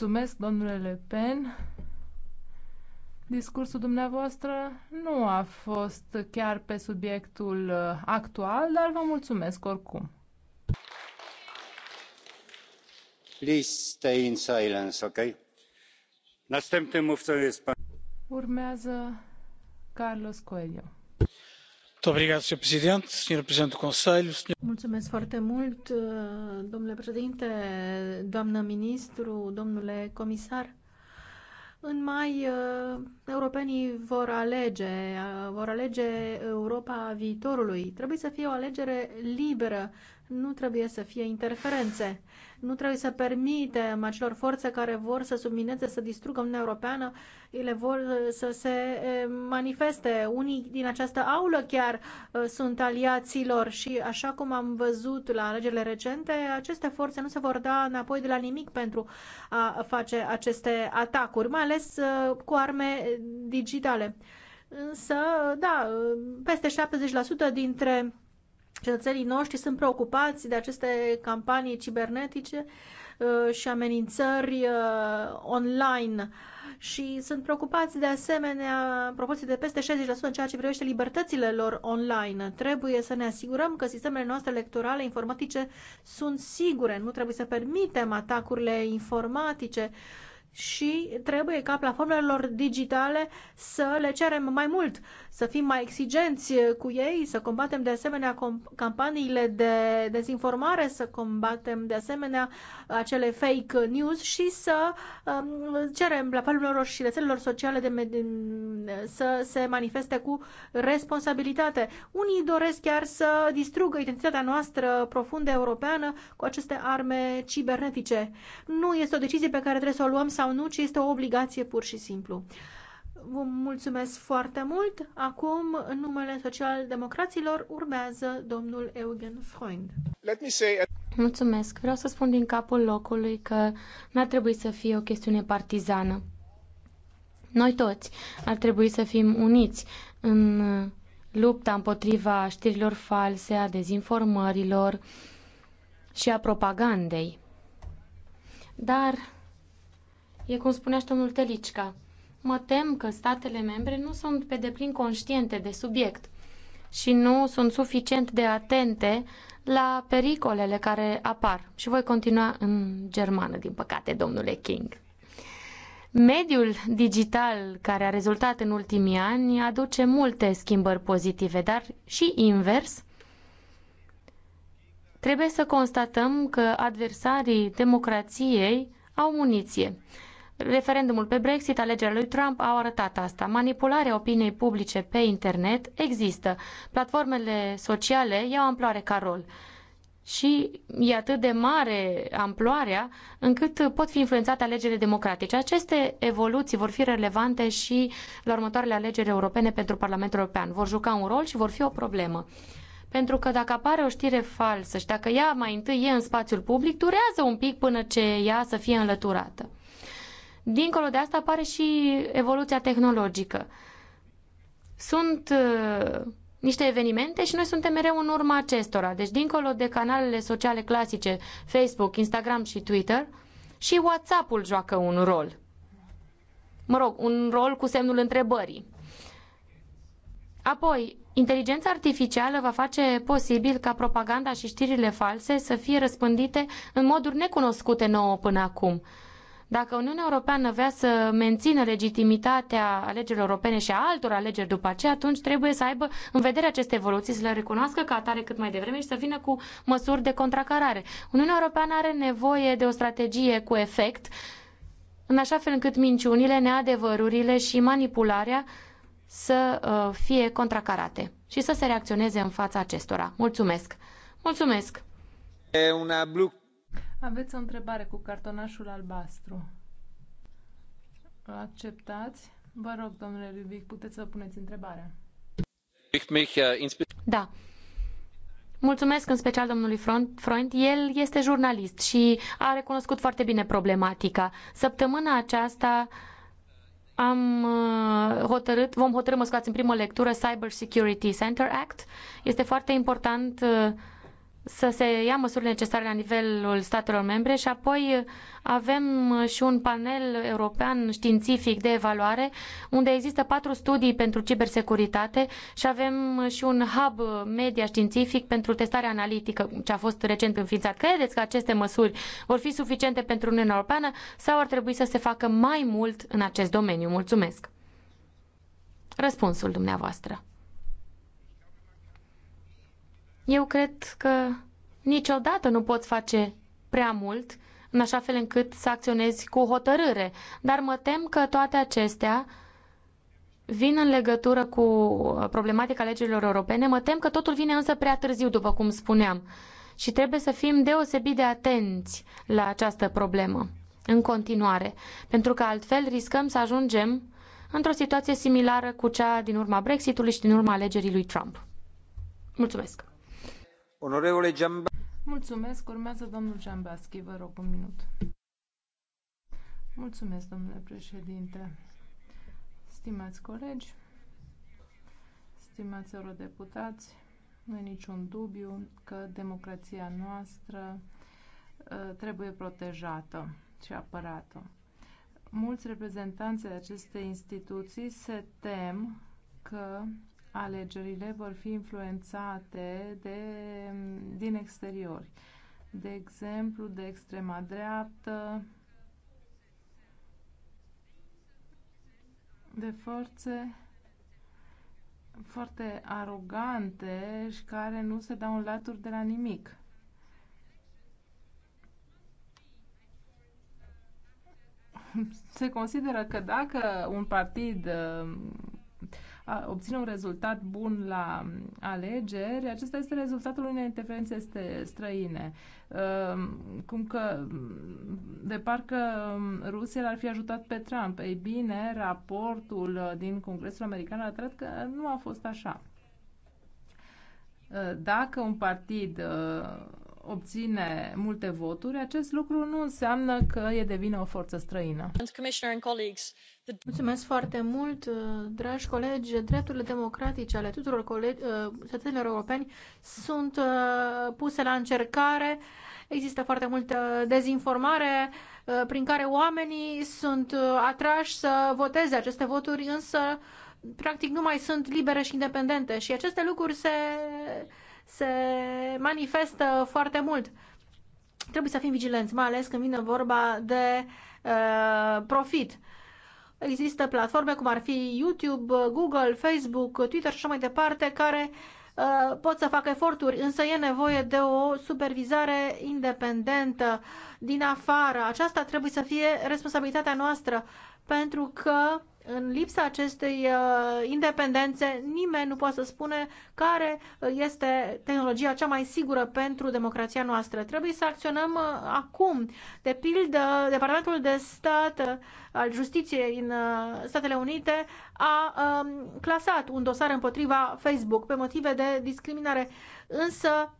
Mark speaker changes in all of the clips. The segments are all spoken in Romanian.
Speaker 1: Mulțumesc, domnule Le Pen. Discursul dumneavoastră nu a fost chiar pe subiectul uh, actual, dar vă mulțumesc oricum.
Speaker 2: Please stay in silence, okay?
Speaker 1: Urmează
Speaker 2: Carlos Coelho. Mulțumesc foarte mult, uh, domnule președinte, doamnă ministru, domnule comisar. În mai, uh, europenii vor alege, uh, vor alege Europa viitorului. Trebuie să fie o alegere liberă, nu trebuie să fie interferențe. Nu trebuie să permitem acelor forțe care vor să submineze, să distrugă Uniunea Europeană, ele vor să se manifeste. Unii din această aulă chiar sunt aliaților și așa cum am văzut la alegerile recente, aceste forțe nu se vor da înapoi de la nimic pentru a face aceste atacuri, mai ales cu arme digitale. Însă, da, peste 70% dintre cetățenii noștri sunt preocupați de aceste campanii cibernetice uh, și amenințări uh, online și sunt preocupați de asemenea în proporție de peste 60% în ceea ce privește libertățile lor online. Trebuie să ne asigurăm că sistemele noastre electorale informatice sunt sigure, nu trebuie să permitem atacurile informatice și trebuie ca platformelor digitale să le cerem mai mult să fim mai exigenți cu ei, să combatem de asemenea campaniile de dezinformare, să combatem de asemenea acele fake news și să um, cerem la felul lor și rețelelor sociale de să se manifeste cu responsabilitate. Unii doresc chiar să distrugă identitatea noastră profundă europeană cu aceste arme cibernetice. Nu este o decizie pe care trebuie să o luăm sau nu, ci este o obligație pur și simplu. Vă mulțumesc foarte mult. Acum, în numele socialdemocraților, urmează domnul Eugen Freund.
Speaker 3: Mulțumesc. Vreau să spun din capul locului că n-ar trebui să fie o chestiune partizană. Noi toți ar trebui să fim uniți în lupta împotriva știrilor false, a dezinformărilor și a propagandei. Dar, e cum spunea și domnul Telicica, mă tem că statele membre nu sunt pe deplin conștiente de subiect și nu sunt suficient de atente la pericolele care apar. Și voi continua în germană, din păcate, domnule King. Mediul digital care a rezultat în ultimii ani aduce multe schimbări pozitive, dar și invers. Trebuie să constatăm că adversarii democrației au muniție Referendumul pe Brexit, alegerea lui Trump au arătat asta. Manipularea opiniei publice pe internet există. Platformele sociale iau amploare ca rol și e atât de mare amploarea încât pot fi influențate alegerile democratice. Aceste evoluții vor fi relevante și la următoarele alegeri europene pentru Parlamentul European. Vor juca un rol și vor fi o problemă. Pentru că dacă apare o știre falsă și dacă ea mai întâi e în spațiul public, durează un pic până ce ea să fie înlăturată. Dincolo de asta apare și evoluția tehnologică. Sunt uh, niște evenimente și noi suntem mereu în urma acestora. Deci, dincolo de canalele sociale clasice, Facebook, Instagram și Twitter, și WhatsApp-ul joacă un rol. Mă rog, un rol cu semnul întrebării. Apoi, inteligența artificială va face posibil ca propaganda și știrile false să fie răspândite în moduri necunoscute nouă până acum. Dacă Uniunea Europeană vrea să mențină legitimitatea alegerilor europene și a altor alegeri după aceea, atunci trebuie să aibă în vedere aceste evoluții, să le recunoască ca atare cât mai devreme și să vină cu măsuri de contracarare. Uniunea Europeană are nevoie de o strategie cu efect, în așa fel încât minciunile, neadevărurile și manipularea să uh, fie contracarate și să se reacționeze în fața acestora. Mulțumesc! Mulțumesc!
Speaker 4: E una
Speaker 1: aveți o întrebare cu cartonașul albastru. acceptați? Vă rog, domnule Rubic, puteți să puneți întrebarea.
Speaker 4: Äh,
Speaker 3: da. Mulțumesc în special domnului Freund. El este jurnalist și a recunoscut foarte bine problematica. Săptămâna aceasta am uh, hotărât, vom hotărâ, mă scoați în primă lectură, Cyber Security Center Act. Este foarte important uh, să se ia măsuri necesare la nivelul statelor membre și apoi avem și un panel european științific de evaluare unde există patru studii pentru cibersecuritate și avem și un hub media științific pentru testarea analitică ce a fost recent înființat. Credeți că aceste măsuri vor fi suficiente pentru Uniunea Europeană sau ar trebui să se facă mai mult în acest domeniu? Mulțumesc! Răspunsul dumneavoastră. Eu cred că niciodată nu poți face prea mult în așa fel încât să acționezi cu hotărâre, dar mă tem că toate acestea vin în legătură cu problematica legilor europene. Mă tem că totul vine însă prea târziu, după cum spuneam, și trebuie să fim deosebit de atenți la această problemă în continuare, pentru că altfel riscăm să ajungem într-o situație similară cu cea din urma Brexitului și din urma alegerii lui Trump. Mulțumesc!
Speaker 4: Mulțumesc.
Speaker 1: un minut. Mulțumesc, domnule președinte. Stimați colegi, stimați eurodeputați, nu e niciun dubiu că democrația noastră uh, trebuie protejată și apărată. Mulți reprezentanți ai acestei instituții se tem că alegerile vor fi influențate de, din exterior. De exemplu, de extrema dreaptă, de forțe foarte arogante și care nu se dau în laturi de la nimic. Se consideră că dacă un partid obține un rezultat bun la um, alegeri, acesta este rezultatul unei interferențe străine. Um, cum că de parcă um, Rusia l-ar fi ajutat pe Trump. Ei bine, raportul uh, din Congresul American arată că nu a fost așa. Uh, dacă un partid uh, obține multe voturi, acest lucru nu înseamnă că e devine o forță străină.
Speaker 2: Mulțumesc foarte mult, uh, dragi colegi. Drepturile democratice ale tuturor colegi, uh, cetățenilor europeni sunt uh, puse la încercare. Există foarte multă dezinformare prin care oamenii sunt atrași să voteze aceste voturi, însă practic nu mai sunt libere și independente și aceste lucruri se, se manifestă foarte mult. Trebuie să fim vigilenți, mai ales când vine vorba de uh, profit. Uh, Există platforme cum ar fi YouTube, Google, Facebook, Twitter și așa mai departe, care uh, pot să facă eforturi, însă e nevoie de o supervizare independentă din afară. Aceasta trebuie să fie responsabilitatea noastră, pentru că în lipsa acestei uh, independențe, nimeni nu poate să spune care uh, este tehnologia cea mai sigură pentru democrația noastră. Trebuie să acționăm uh, acum. De pildă, Departamentul de Stat al Justiției în Statele Unite a um, clasat un dosar împotriva Facebook pe motive de discriminare. Însă,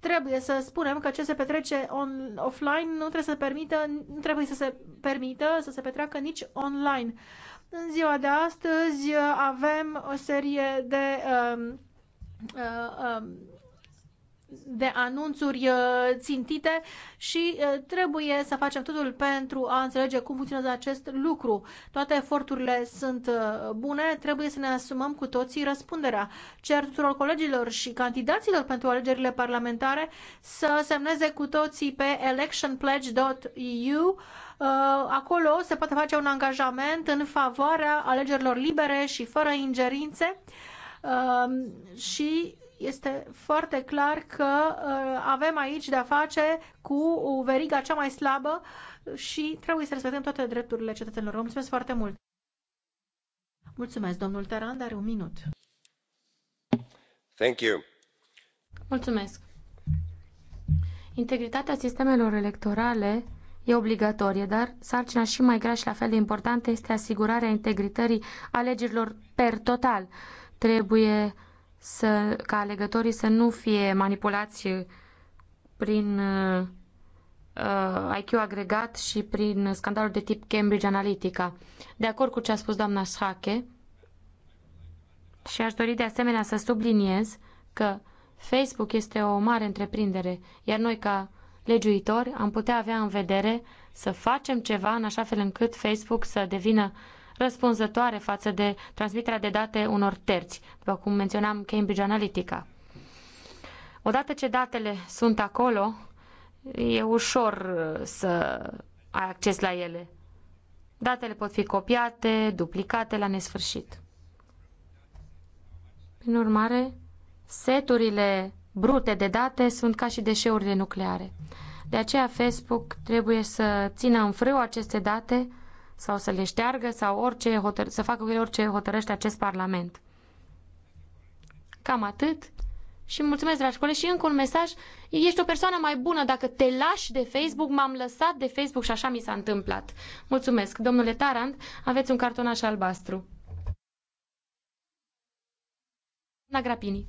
Speaker 2: trebuie să spunem că ce se petrece on, offline nu trebuie să permită, nu trebuie să se permită să se petreacă nici online. În ziua de astăzi uh, avem o serie de, um, uh, um, de anunțuri uh, țintite și trebuie să facem totul pentru a înțelege cum funcționează acest lucru. Toate eforturile sunt bune, trebuie să ne asumăm cu toții răspunderea. Cer tuturor colegilor și candidaților pentru alegerile parlamentare să semneze cu toții pe electionpledge.eu Uh, acolo se poate face un angajament în favoarea alegerilor libere și fără ingerințe uh, și este foarte clar că uh, avem aici de-a face cu o veriga cea mai slabă și trebuie să respectăm toate drepturile cetățenilor. Vă mulțumesc foarte mult! Mulțumesc, domnul Tarand, are un minut. Thank you.
Speaker 3: Mulțumesc. Integritatea sistemelor electorale e obligatorie, dar sarcina și mai grea și la fel de importantă este asigurarea integrității alegerilor per total. Trebuie să, ca alegătorii să nu fie manipulați prin uh, IQ agregat și prin scandalul de tip Cambridge Analytica. De acord cu ce a spus doamna Schake, și aș dori de asemenea să subliniez că Facebook este o mare întreprindere, iar noi ca legiuitori am putea avea în vedere să facem ceva în așa fel încât Facebook să devină răspunzătoare față de transmiterea de date unor terți, după cum menționam Cambridge Analytica. Odată ce datele sunt acolo, e ușor uh, să ai acces la ele. Datele pot fi copiate, duplicate la nesfârșit. Prin urmare, seturile brute de date sunt ca și deșeurile nucleare. De aceea Facebook trebuie să țină în frâu aceste date sau să le șteargă sau orice hotăr- să facă cu ele orice hotărăște acest parlament. Cam atât. Și mulțumesc, dragi colegi, și încă un mesaj. Ești o persoană mai bună dacă te lași de Facebook. M-am lăsat de Facebook și așa mi s-a întâmplat. Mulțumesc. Domnule Tarand, aveți un cartonaș albastru. Na Grapini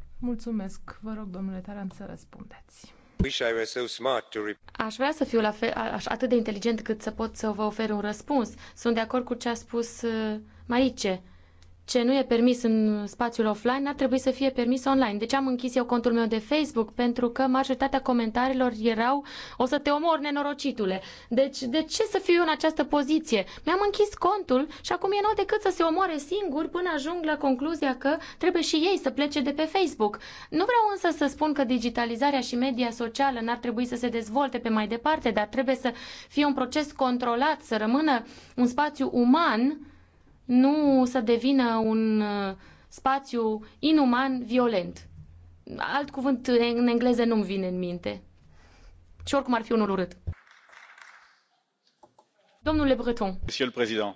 Speaker 3: Mulțumesc. Vă rog, domnule Taran, să răspundeți. Aș vrea să fiu la fel, aș, atât de inteligent cât să pot să vă ofer un răspuns. Sunt de acord cu ce a spus uh, Marice ce nu e permis în spațiul offline ar trebui să fie permis online. Deci am închis eu contul meu de Facebook pentru că majoritatea comentariilor erau o să te omor, nenorocitule. Deci de ce să fiu eu în această poziție? Mi-am închis contul și acum e nou decât să se omoare singur până ajung la concluzia că trebuie și ei să plece de pe Facebook. Nu vreau însă să spun că digitalizarea și media socială n-ar trebui să se dezvolte pe mai departe, dar trebuie să fie un proces controlat, să rămână un spațiu uman nu să devină un uh, spațiu inuman, violent. Alt cuvânt în engleză nu-mi vine în minte. Și oricum ar fi unul urât. Domnule Breton.
Speaker 4: Monsieur le Président.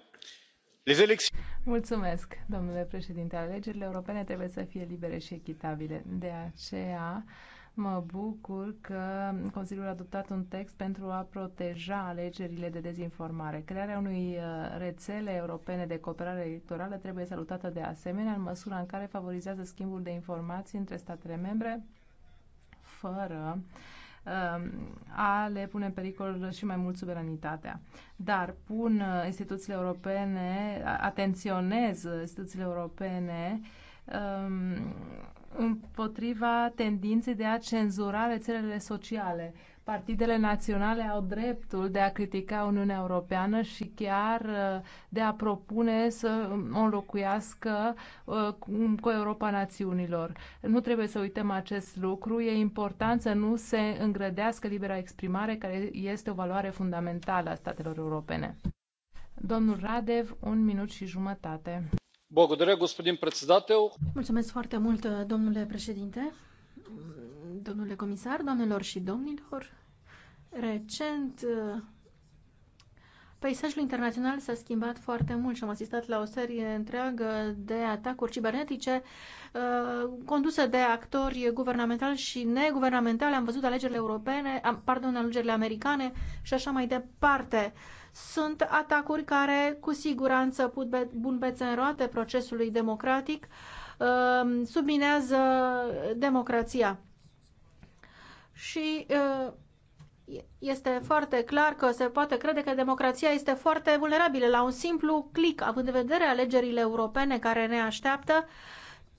Speaker 4: Les élections...
Speaker 1: Mulțumesc, domnule președinte. Alegerile europene trebuie să fie libere și echitabile. De aceea, Mă bucur că Consiliul a adoptat un text pentru a proteja alegerile de dezinformare. Crearea unui uh, rețele europene de cooperare electorală trebuie salutată de asemenea în măsura în care favorizează schimbul de informații între statele membre fără um, a le pune în pericol și mai mult suveranitatea. Dar pun uh, instituțiile europene, atenționez instituțiile europene um, împotriva tendinței de a cenzura rețelele sociale. Partidele naționale au dreptul de a critica Uniunea Europeană și chiar uh, de a propune să o înlocuiască uh, cu Europa Națiunilor. Nu trebuie să uităm acest lucru. E important să nu se îngrădească libera exprimare, care este o valoare fundamentală a statelor europene. Domnul Radev, un minut
Speaker 2: și jumătate. Mulțumesc foarte mult, domnule președinte, domnule comisar, doamnelor și domnilor. Recent, Peisajul internațional s-a schimbat foarte mult și am asistat la o serie întreagă de atacuri cibernetice uh, conduse de actori guvernamentali și neguvernamentali. Am văzut alegerile europene, am, pardon, alegerile americane și așa mai departe. Sunt atacuri care cu siguranță put bun bețe în roate procesului democratic, uh, subminează democrația. Și uh, este foarte clar că se poate crede că democrația este foarte vulnerabilă la un simplu click, având în vedere alegerile europene care ne așteaptă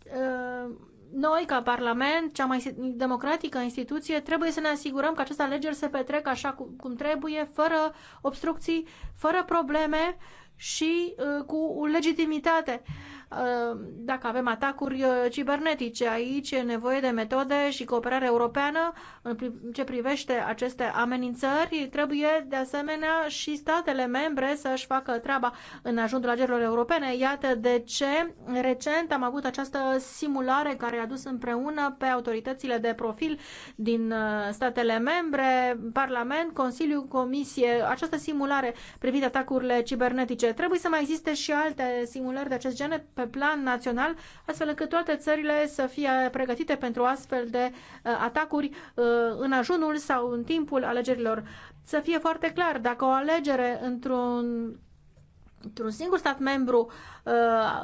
Speaker 2: uh, noi, ca Parlament, cea mai democratică instituție, trebuie să ne asigurăm că aceste alegeri se petrec așa cum trebuie, fără obstrucții, fără probleme și uh, cu legitimitate. Uh, dacă avem atacuri uh, cibernetice. Aici e nevoie de metode și cooperare europeană în ce privește aceste amenințări. Trebuie de asemenea și statele membre să-și facă treaba în ajunul agerilor europene. Iată de ce recent am avut această simulare care a dus împreună pe autoritățile de profil din uh, statele membre, Parlament, Consiliu, Comisie, această simulare privind atacurile cibernetice. Trebuie să mai existe și alte simulări de acest gen pe plan național, astfel încât toate țările să fie pregătite pentru astfel de uh, atacuri uh, în ajunul sau în timpul alegerilor. Să fie foarte clar, dacă o alegere într-un într-un singur stat membru, uh,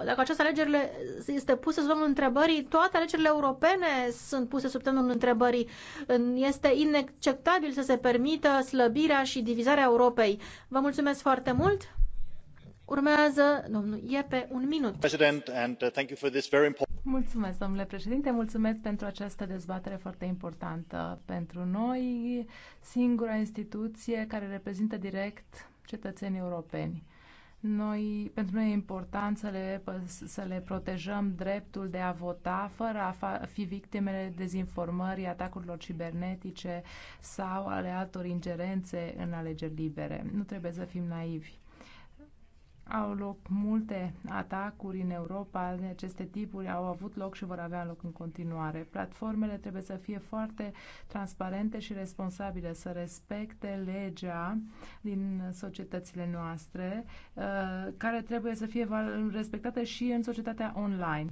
Speaker 2: dacă această alegerile este pusă sub semnul întrebării, toate alegerile europene sunt puse sub semnul întrebării. Este inacceptabil să se permită slăbirea și divizarea Europei. Vă mulțumesc foarte mult! Urmează domnul Iepe, un minut. Uh, mulțumesc, domnule președinte, mulțumesc
Speaker 1: pentru această dezbatere foarte importantă pentru noi, singura instituție care reprezintă direct cetățenii europeni. Noi, pentru noi e important să le, să le protejăm dreptul de a vota fără a fi victimele dezinformării, atacurilor cibernetice sau ale altor ingerențe în alegeri libere. Nu trebuie să fim naivi. Au loc multe atacuri în Europa, aceste tipuri au avut loc și vor avea loc în continuare. Platformele trebuie să fie foarte transparente și responsabile, să respecte legea din societățile noastre, uh, care trebuie să fie respectată și în societatea online.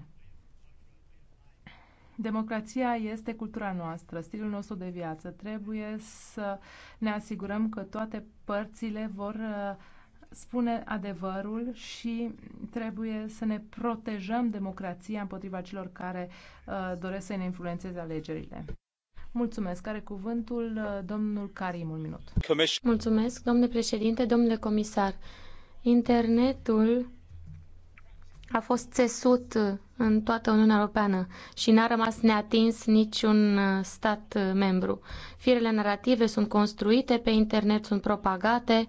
Speaker 1: Democrația este cultura noastră, stilul nostru de viață. Trebuie să ne asigurăm că toate părțile vor uh, spune adevărul și trebuie să ne protejăm democrația împotriva celor care uh, doresc să ne influențeze
Speaker 3: alegerile. Mulțumesc. Are cuvântul uh, domnul Karim, un minut. Mulțumesc, domnule președinte, domnule comisar. Internetul a fost țesut uh, în toată Uniunea Europeană și n-a rămas neatins niciun uh, stat membru. Firele narrative sunt construite pe internet, sunt propagate,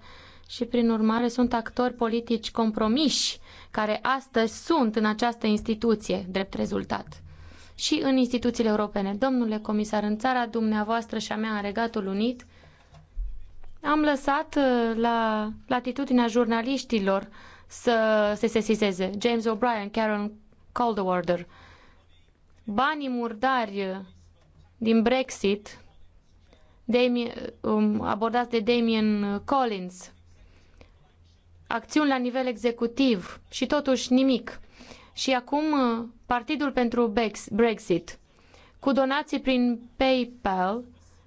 Speaker 3: și, prin urmare, sunt actori politici compromiși care astăzi sunt în această instituție drept rezultat și în instituțiile europene. Domnule comisar, în țara dumneavoastră și a mea, în Regatul Unit, am lăsat uh, la latitudinea jurnaliștilor să se sesizeze. James O'Brien, Karen Calderwater. Banii murdari uh, din Brexit, Damien, um, abordați de Damien Collins, acțiuni la nivel executiv și totuși nimic. Și acum uh, Partidul pentru Brexit, cu donații prin PayPal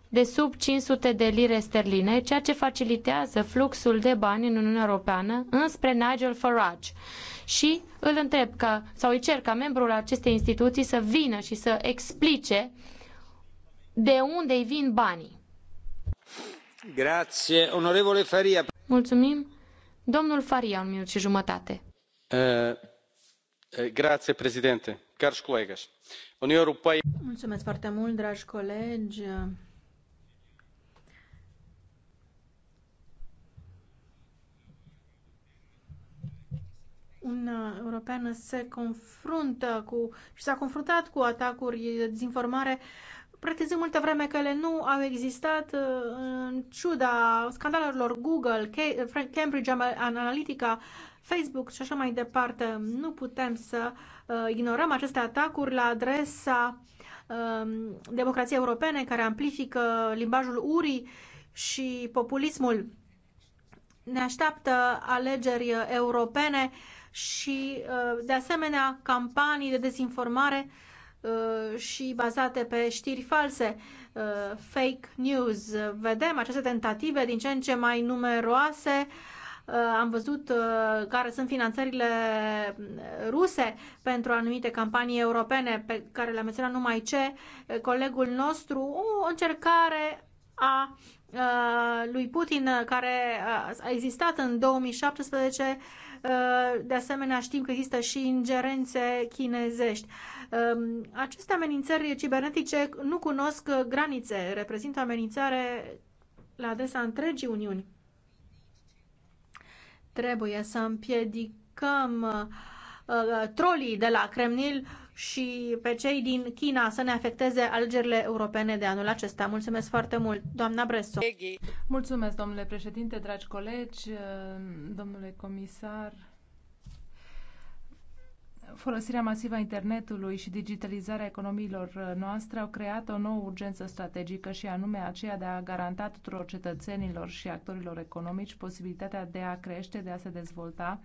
Speaker 3: de sub 500 de lire sterline, ceea ce facilitează fluxul de bani în Uniunea Europeană înspre Nigel Farage. Și îl întreb ca, sau îi cer ca membrul acestei instituții să vină și să explice de unde îi vin banii.
Speaker 4: Grazie, onorevole Faria.
Speaker 3: Mulțumim. Domnul Faria, un minut și jumătate.
Speaker 4: Eh, eh, colegi,
Speaker 2: Mulțumesc foarte mult, dragi colegi. Uniunea uh, Europeană se confruntă cu și s-a confruntat cu atacuri, dezinformare pretezând multă vreme că ele nu au existat uh, în ciuda scandalurilor Google, Cambridge Analytica, Facebook și așa mai departe. Nu putem să uh, ignorăm aceste atacuri la adresa um, democrației europene care amplifică limbajul urii și populismul. Ne așteaptă alegeri europene și, uh, de asemenea, campanii de dezinformare uh, Uh, și bazate pe știri false, uh, fake news. Vedem aceste tentative din ce în ce mai numeroase. Uh, am văzut care sunt finanțările ruse pentru anumite campanii europene pe care le-a menționat numai ce colegul nostru, o încercare a lui Putin care a existat în 2017. De asemenea, știm că există și ingerențe chinezești. Ehm, aceste amenințări cibernetice nu cunosc granițe, reprezintă amenințare la adresa întregii Uniuni. Trebuie să împiedicăm uh, uh, trolii de la Kremlin și pe cei din China să ne afecteze alegerile europene de anul acesta. Mulțumesc foarte mult, doamna Bresso. Mulțumesc,
Speaker 1: domnule președinte, dragi colegi, uh, domnule comisar. Folosirea masivă a internetului și digitalizarea economiilor uh, noastre au creat o nouă urgență strategică și anume aceea de a garanta tuturor cetățenilor și actorilor economici posibilitatea de a crește, de a se dezvolta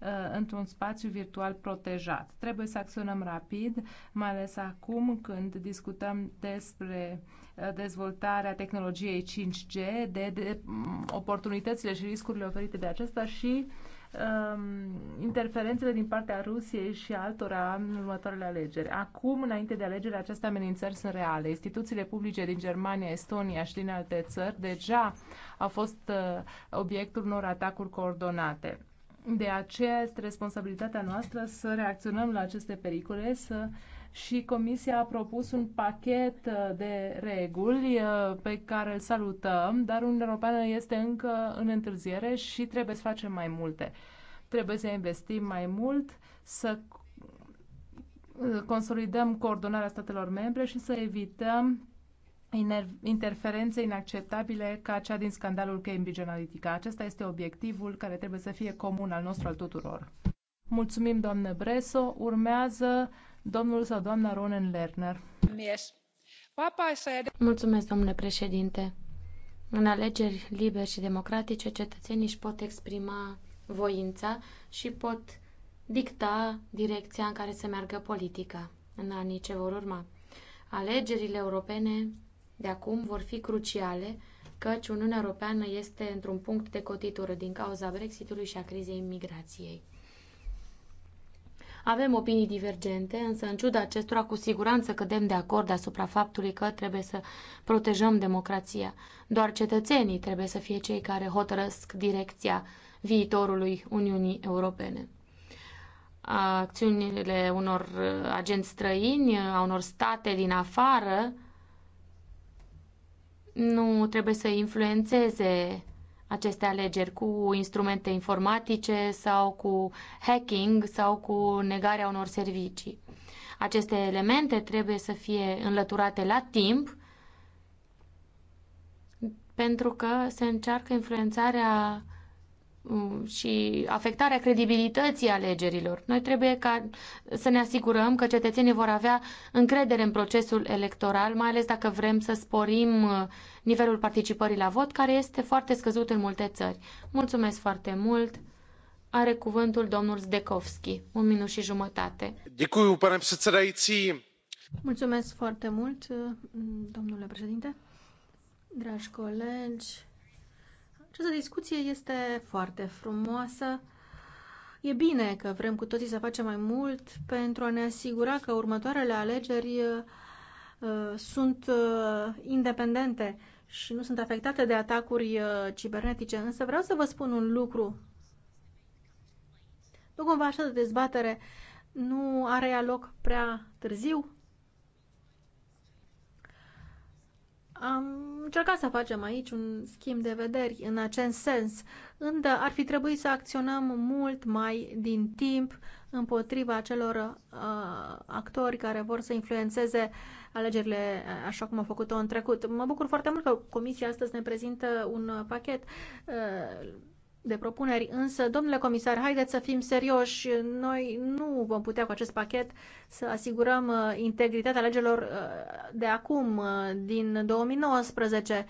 Speaker 1: uh, într-un spațiu virtual protejat. Trebuie să acționăm rapid, mai ales acum când discutăm despre uh, dezvoltarea tehnologiei 5G, de, de mm, oportunitățile și riscurile oferite de acesta și uh, Um, interferențele din partea Rusiei și altora în următoarele alegeri. Acum, înainte de alegeri, aceste amenințări sunt reale. Instituțiile publice din Germania, Estonia și din alte țări deja au fost uh, obiectul unor atacuri coordonate. De aceea este responsabilitatea noastră să reacționăm la aceste pericole, să și Comisia a propus un pachet uh, de reguli uh, pe care îl salutăm, dar Uniunea Europeană este încă în întârziere și trebuie să facem mai multe. Trebuie să investim mai mult, să uh, consolidăm coordonarea statelor membre și să evităm interferențe inacceptabile ca cea din scandalul Cambridge Analytica. Acesta este obiectivul care trebuie să fie comun al nostru, al tuturor. Mulțumim, doamnă Breso. Urmează domnul sau doamna Ronen Lerner.
Speaker 3: Mulțumesc, domnule președinte. În alegeri libere și democratice, cetățenii își pot exprima voința și pot dicta direcția în care se meargă politica în anii ce vor urma. Alegerile europene de acum vor fi cruciale, căci Uniunea Europeană este într-un punct de cotitură din cauza Brexitului și a crizei migrației. Avem opinii divergente, însă în ciuda acestora cu siguranță cădem de acord asupra faptului că trebuie să protejăm democrația. Doar cetățenii trebuie să fie cei care hotărăsc direcția viitorului Uniunii Europene. Acțiunile unor uh, agenți străini, a unor state din afară, nu trebuie să influențeze aceste alegeri cu instrumente informatice sau cu hacking sau cu negarea unor servicii. Aceste elemente trebuie să fie înlăturate la timp pentru că se încearcă influențarea Mm, și afectarea credibilității alegerilor. Noi trebuie ca să ne asigurăm că cetățenii vor avea încredere în procesul electoral, mai ales dacă vrem să sporim uh, nivelul participării la vot, care este foarte scăzut în multe țări. Mulțumesc foarte mult! Are cuvântul domnul Zdekovski. Un minut și jumătate.
Speaker 4: pane předsedající.
Speaker 3: Mulțumesc foarte
Speaker 2: mult, domnule președinte. Dragi colegi, această discuție este foarte frumoasă. E bine că vrem cu toții să facem mai mult pentru a ne asigura că următoarele alegeri uh, sunt uh, independente și nu sunt afectate de atacuri uh, cibernetice. Însă vreau să vă spun un lucru. Nu cumva așa de dezbatere nu are ea loc prea târziu? Am încercat să facem aici un schimb de vederi în acest sens, îndă ar fi trebuit să acționăm mult mai din timp împotriva acelor uh, actori care vor să influențeze alegerile uh, așa cum a făcut-o în trecut. Mă bucur foarte mult că Comisia astăzi ne prezintă un uh, pachet uh, de propuneri, însă, domnule comisar, haideți să fim serioși. Noi nu vom putea cu acest pachet să asigurăm uh, integritatea legilor uh, de acum, uh, din 2019.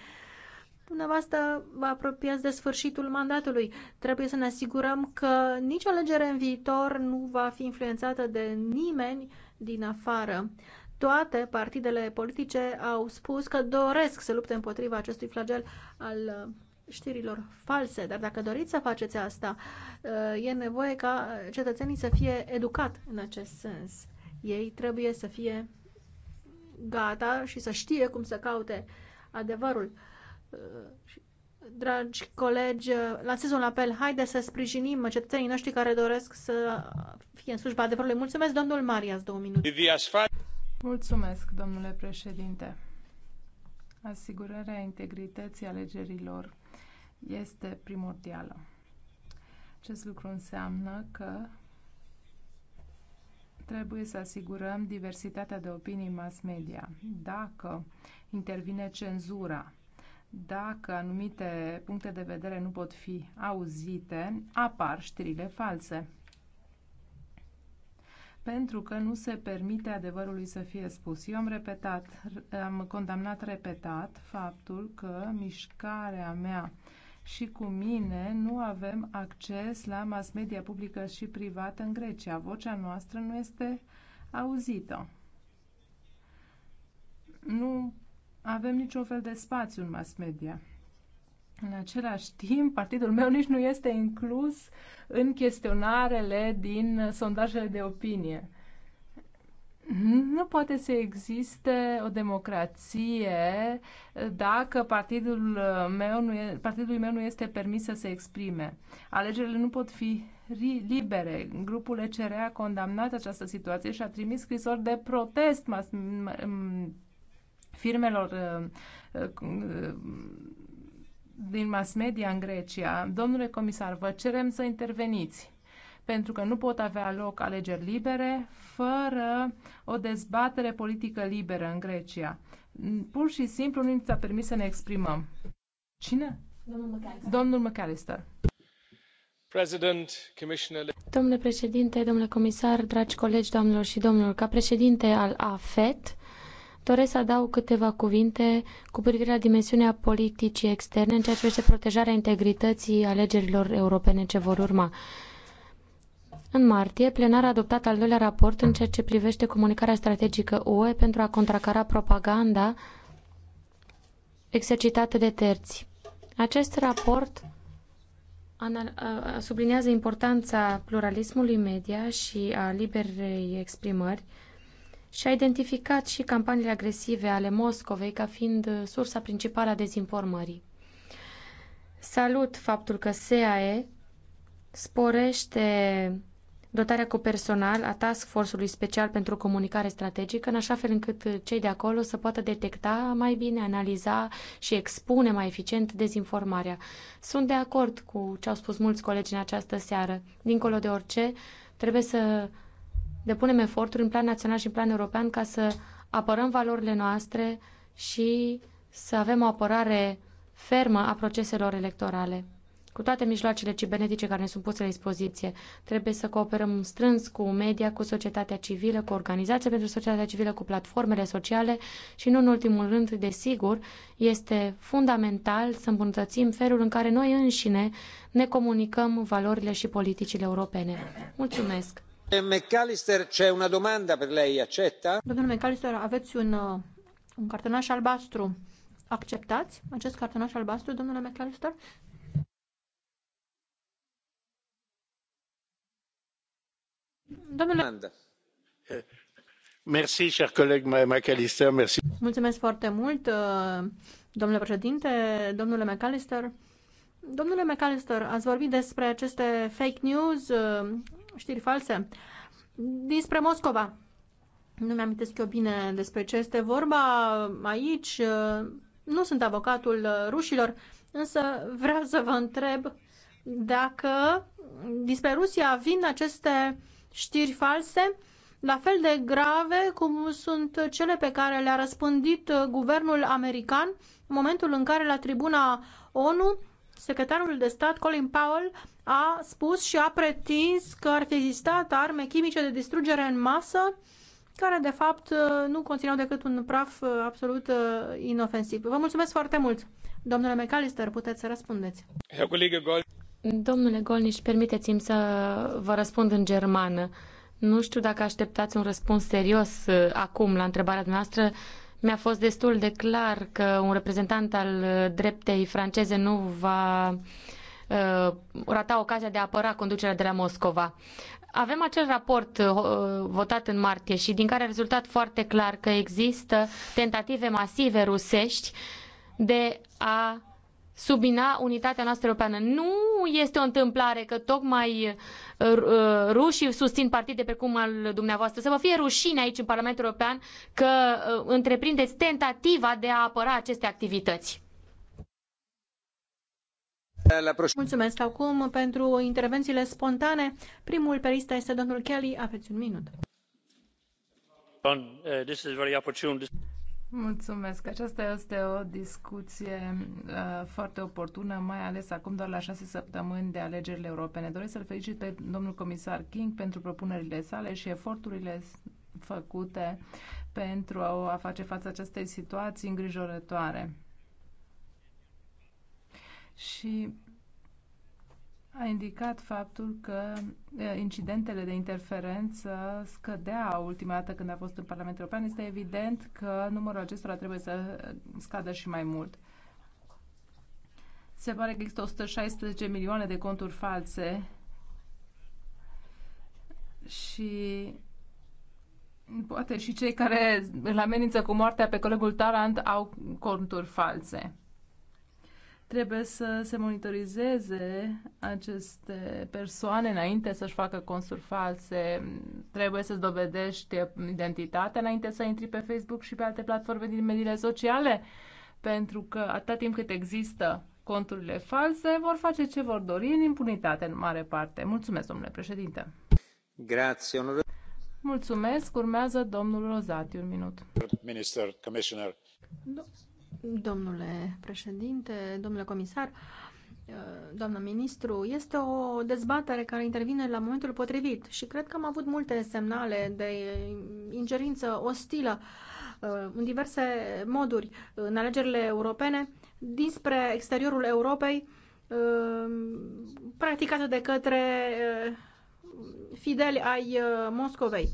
Speaker 2: Dumneavoastră vă apropiați de sfârșitul mandatului. Trebuie să ne asigurăm că nicio alegere în viitor nu va fi influențată de nimeni din afară. Toate partidele politice au spus că doresc să lupte împotriva acestui flagel al știrilor false. Dar dacă doriți să faceți asta, uh, e nevoie ca cetățenii să fie educat în acest sens. Ei trebuie să fie gata și să știe cum să caute adevărul. Uh, dragi colegi, uh, lansez un apel. Haide să sprijinim cetățenii noștri care doresc să fie în slujba adevărului. Mulțumesc, domnul Marias, două minute. Mulțumesc, domnule
Speaker 1: președinte asigurarea integrității alegerilor este primordială. Acest lucru înseamnă că trebuie să asigurăm diversitatea de opinii mass media. Dacă intervine cenzura, dacă anumite puncte de vedere nu pot fi auzite, apar știrile false pentru că nu se permite adevărului să fie spus. Eu am repetat, am condamnat repetat faptul că mișcarea mea și cu mine nu avem acces la mass media publică și privată în Grecia. Vocea noastră nu este auzită. Nu avem niciun fel de spațiu în mass media. În același timp, partidul meu nici nu este inclus în chestionarele din sondajele de opinie. Nu poate să existe o democrație dacă partidul meu nu e, partidul meu nu este permis să se exprime. Alegerile nu pot fi libere. Grupul ECR a condamnat această situație și a trimis scrisori de protest firmelor uh, uh, din mass media în Grecia, domnule comisar, vă cerem să interveniți pentru că nu pot avea loc alegeri libere fără o dezbatere politică liberă în Grecia. Pur și simplu nu ți s-a permis să ne exprimăm. Cine?
Speaker 3: Domnul Domnul McAllister. Domnule președinte, domnule comisar, dragi colegi, doamnelor și domnilor, ca președinte al AFET, Doresc să adaug câteva cuvinte cu privire la dimensiunea politicii externe în ceea ce privește protejarea integrității alegerilor europene ce vor urma. În martie, plenar a adoptat al doilea raport în ceea ce privește comunicarea strategică UE pentru a contracara propaganda exercitată de terți. Acest raport subliniază importanța pluralismului media și a liberei exprimări și a identificat și campaniile agresive ale Moscovei ca fiind uh, sursa principală a dezinformării. Salut faptul că SAE sporește dotarea cu personal a task force-ului special pentru comunicare strategică, în așa fel încât uh, cei de acolo să poată detecta mai bine, analiza și expune mai eficient dezinformarea. Sunt de acord cu ce au spus mulți colegi în această seară. Dincolo de orice, trebuie să depunem eforturi în plan național și în plan european ca să apărăm valorile noastre și să avem o apărare fermă a proceselor electorale. Cu toate mijloacele cibernetice care ne sunt puse la dispoziție, trebuie să cooperăm strâns cu media, cu societatea civilă, cu organizația pentru societatea civilă, cu platformele sociale și, nu în ultimul rând, desigur, este fundamental să îmbunătățim felul în care noi înșine ne comunicăm valorile și politicile europene. Mulțumesc!
Speaker 4: Eh, domnule
Speaker 3: McAllister, aveți un, uh,
Speaker 2: un cartonaș albastru. Acceptați acest cartonaș albastru, domnule McAllister?
Speaker 4: Domnule... Eh, merci, cher coleg McAllister, merci.
Speaker 2: Mulțumesc foarte mult, uh, domnule președinte, domnule McAllister. Domnule McAllister, ați vorbit despre aceste fake news, uh, știri false. Dinspre Moscova. Nu mi-am eu bine despre ce este vorba aici. Uh, nu sunt avocatul uh, rușilor, însă vreau să vă întreb dacă dinspre Rusia vin aceste știri false la fel de grave cum sunt cele pe care le-a răspândit uh, guvernul american în momentul în care la tribuna ONU secretarul de stat Colin Powell a spus și a pretins că ar fi existat arme chimice de distrugere în masă care de fapt uh, nu conțineau decât un praf uh,
Speaker 3: absolut uh, inofensiv. Vă mulțumesc foarte mult! Domnule McAllister, puteți să răspundeți. Domnule Golniș, permiteți-mi să vă răspund în germană. Nu știu dacă așteptați un răspuns serios acum la întrebarea noastră, mi-a fost destul de clar că un reprezentant al uh, dreptei franceze nu va uh, rata ocazia de a apăra conducerea de la Moscova. Avem acel raport uh, uh votat în martie și din care a rezultat foarte clar că există tentative masive rusești de a submina unitatea noastră europeană. Nu este o întâmplare că tocmai uh, rușii susțin partide precum al dumneavoastră. Să vă fie rușine aici în Parlamentul European că uh, întreprindeți tentativa de a apăra aceste activități.
Speaker 2: Mulțumesc acum pentru intervențiile spontane. Primul perista este domnul Kelly. Aveți un minut.
Speaker 3: Uh,
Speaker 1: Mulțumesc. Aceasta este o discuție uh, foarte oportună, mai ales acum doar la șase săptămâni de alegerile europene. Doresc să-l felicit pe domnul comisar King pentru propunerile sale și eforturile făcute pentru a face față acestei situații îngrijorătoare. Și a indicat faptul că incidentele de interferență scădea ultima dată când a fost în Parlamentul European. Este evident că numărul acestora trebuie să scadă și mai mult. Se pare că există 116 milioane de conturi false și poate și cei care îl amenință cu moartea pe colegul Tarant au conturi false. Trebuie să se monitorizeze aceste persoane înainte să-și facă consuri false, trebuie să-ți dovedești identitatea înainte să intri pe Facebook și pe alte platforme din mediile sociale, pentru că atâta timp cât există conturile false, vor face ce vor dori în impunitate în mare parte. Mulțumesc, domnule președinte.
Speaker 2: Grazie,
Speaker 4: onore...
Speaker 1: Mulțumesc. Urmează domnul Rozati, un minut.
Speaker 4: Minister, commissioner.
Speaker 2: Do- Domnule președinte, domnule comisar, doamnă ministru, este o dezbatere care intervine la momentul potrivit și cred că am avut multe semnale de ingerință ostilă în diverse moduri în alegerile europene dinspre exteriorul Europei practicată de către eh, fideli ai eh, Moscovei.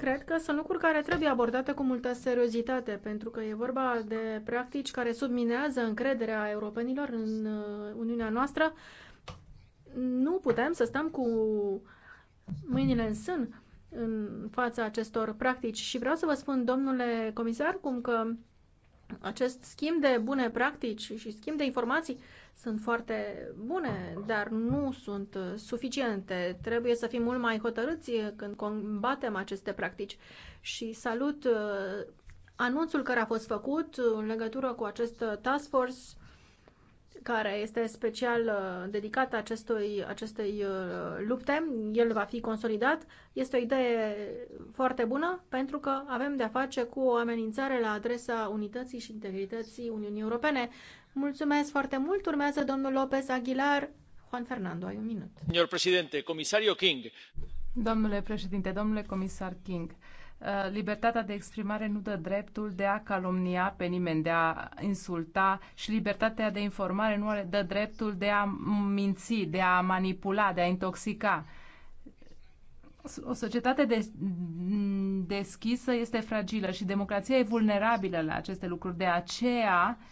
Speaker 2: Cred că sunt lucruri care trebuie abordate cu multă seriozitate, pentru că e vorba de practici care subminează încrederea europenilor în uh, Uniunea noastră. Nu putem să stăm cu mâinile în sân în fața acestor practici și vreau să vă spun, domnule comisar, cum că acest schimb de bune practici și schimb de informații sunt foarte bune, dar nu sunt suficiente. Trebuie să fim mult mai hotărâți când combatem aceste practici. Și salut uh, anunțul care a fost făcut în legătură cu acest task force care este special uh, dedicat acestui, acestei uh, lupte. El va fi consolidat. Este o idee foarte bună pentru că avem de-a face cu o amenințare la adresa unității și integrității Uniunii Europene. Mulțumesc foarte mult. Urmează domnul López Aguilar. Juan Fernando, ai un minut.
Speaker 4: Domnul președinte, comisariu King.
Speaker 1: Domnule președinte, domnule comisar King, uh, libertatea de exprimare nu dă dreptul de a calomnia pe nimeni, de a insulta și libertatea de informare nu are, dă dreptul de a minți, de a manipula, de a intoxica. O societate de, deschisă este fragilă și democrația e vulnerabilă la aceste lucruri. De aceea, uh,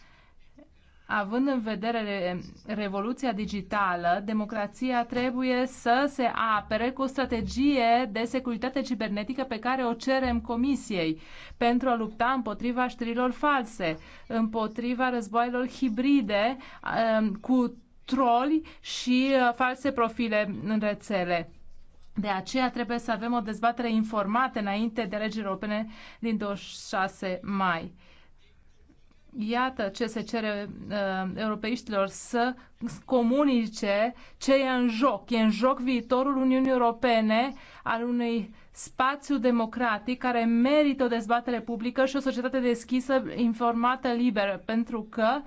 Speaker 1: având în vedere revoluția digitală, democrația trebuie să se apere cu o strategie de securitate cibernetică pe care o cerem Comisiei pentru a lupta împotriva știrilor false, împotriva războaielor hibride um, cu troli și uh, false profile în rețele. De aceea trebuie să avem o dezbatere informată înainte de legile europene din 26 mai. Iată ce se cere uh, europeiștilor să comunice ce e în joc. E în joc viitorul Uniunii Europene al unui spațiu democratic care merită o dezbatere publică și o societate deschisă, informată, liberă, pentru că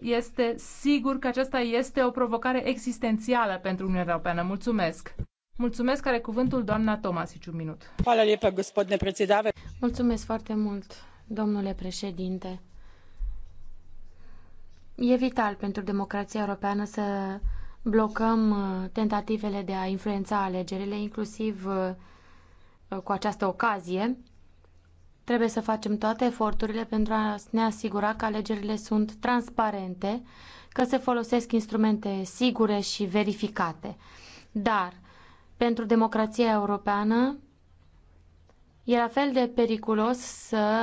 Speaker 1: este sigur că aceasta este o provocare existențială pentru Uniunea Europeană. Mulțumesc! Mulțumesc, are cuvântul doamna Tomasici, un minut.
Speaker 3: Mulțumesc foarte mult, domnule președinte. E vital pentru democrația europeană să blocăm uh, tentativele de a influența alegerile, inclusiv uh, cu această ocazie. Trebuie să facem toate eforturile pentru a ne asigura că alegerile sunt transparente, că se folosesc instrumente sigure și verificate. Dar, pentru democrația europeană, e la fel de periculos să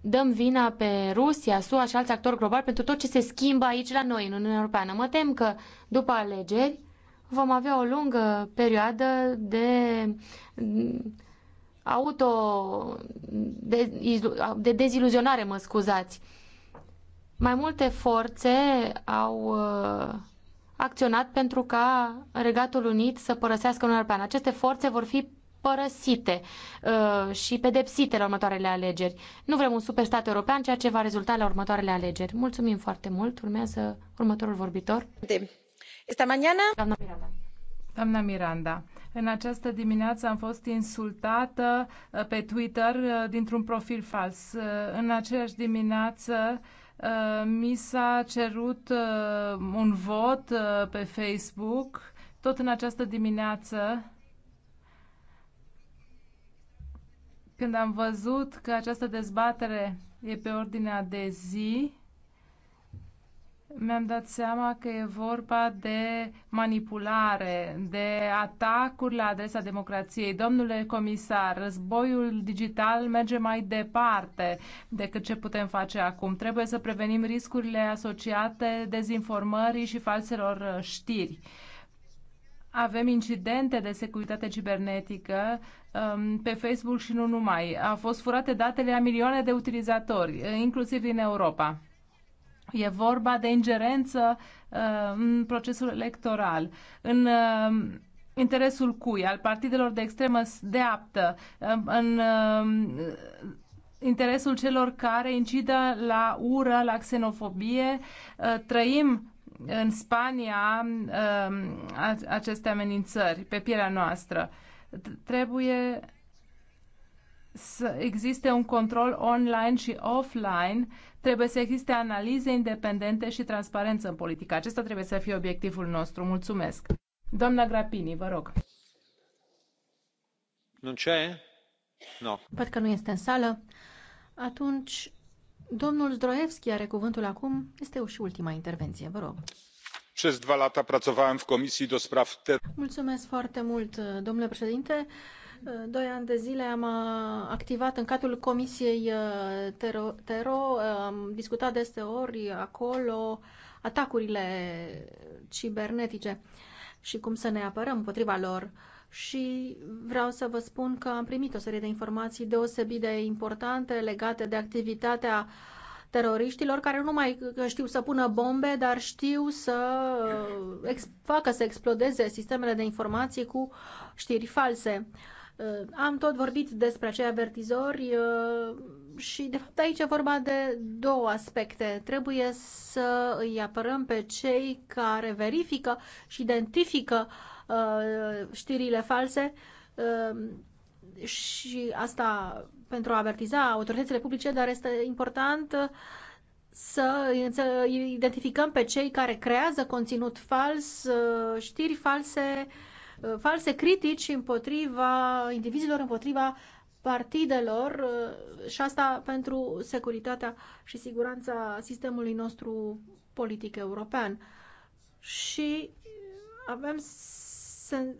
Speaker 3: dăm vina pe Rusia, SUA și alți actori globali pentru tot ce se schimbă aici la noi, în Uniunea Europeană. Mă tem că după alegeri vom avea o lungă perioadă de mm, auto de, de deziluzionare, mă scuzați. Mai multe forțe au uh, acționat pentru ca Regatul Unit să părăsească Uniunea Europeană. Aceste forțe vor fi părăsite uh, și pedepsite la următoarele alegeri. Nu vrem un superstat european, ceea ce va rezulta la următoarele alegeri. Mulțumim foarte mult. Urmează următorul vorbitor. Esta mañana... Doamna Miranda. Doamna Miranda,
Speaker 1: în această dimineață am fost insultată uh, pe Twitter uh, dintr-un profil fals. Uh, în aceeași dimineață mi s-a cerut un vot pe Facebook. Tot în această dimineață Când am văzut că această dezbatere e pe ordinea de zi, mi-am dat seama că e vorba de manipulare, de atacuri la adresa democrației. Domnule comisar, războiul digital merge mai departe decât ce putem face acum. Trebuie să prevenim riscurile asociate dezinformării și falselor știri. Avem incidente de securitate cibernetică Um, pe Facebook și nu numai. Au fost furate datele a milioane de utilizatori, uh, inclusiv din Europa. E vorba de ingerență uh, în procesul electoral, în um, interesul cui? Al partidelor de extremă deaptă? Um, în interesul celor care incidă la ură, la xenofobie. Uh, trăim în Spania aceste amenințări pe pielea noastră. Trebuie să existe un control online și offline, trebuie să existe analize independente și transparență în politică. Acesta trebuie să fie obiectivul nostru. Mulțumesc. Doamna Grapini, vă rog.
Speaker 4: Nu ce? No.
Speaker 2: Văd că nu este în sală. Atunci, domnul Zdroevski are cuvântul acum. Este și ultima intervenție,
Speaker 4: vă rog przez dwa lata pracowałem w komisji do spraw.
Speaker 2: Mulțumesc foarte mult, domnule președinte. Doi ani de zile am activat în cadrul Comisiei Tero, Tero. Am discutat deseori acolo atacurile cibernetice și cum să ne apărăm împotriva lor. Și vreau să vă spun că am primit o serie de informații deosebit de importante legate de activitatea uh, teroriștilor care nu mai știu să pună bombe, dar știu să facă să explodeze sistemele de informații cu știri false. Uh, am tot vorbit despre acei avertizori uh, și, de fapt, aici e vorba de două aspecte. Trebuie să îi apărăm pe cei care verifică și identifică uh, știrile false și asta pentru a avertiza autoritățile publice, dar este important uh, să identificăm pe cei care creează conținut fals, uh, știri false, uh, false critici împotriva indivizilor, împotriva partidelor și asta pentru securitatea și siguranța sistemului nostru politic european. Și avem sen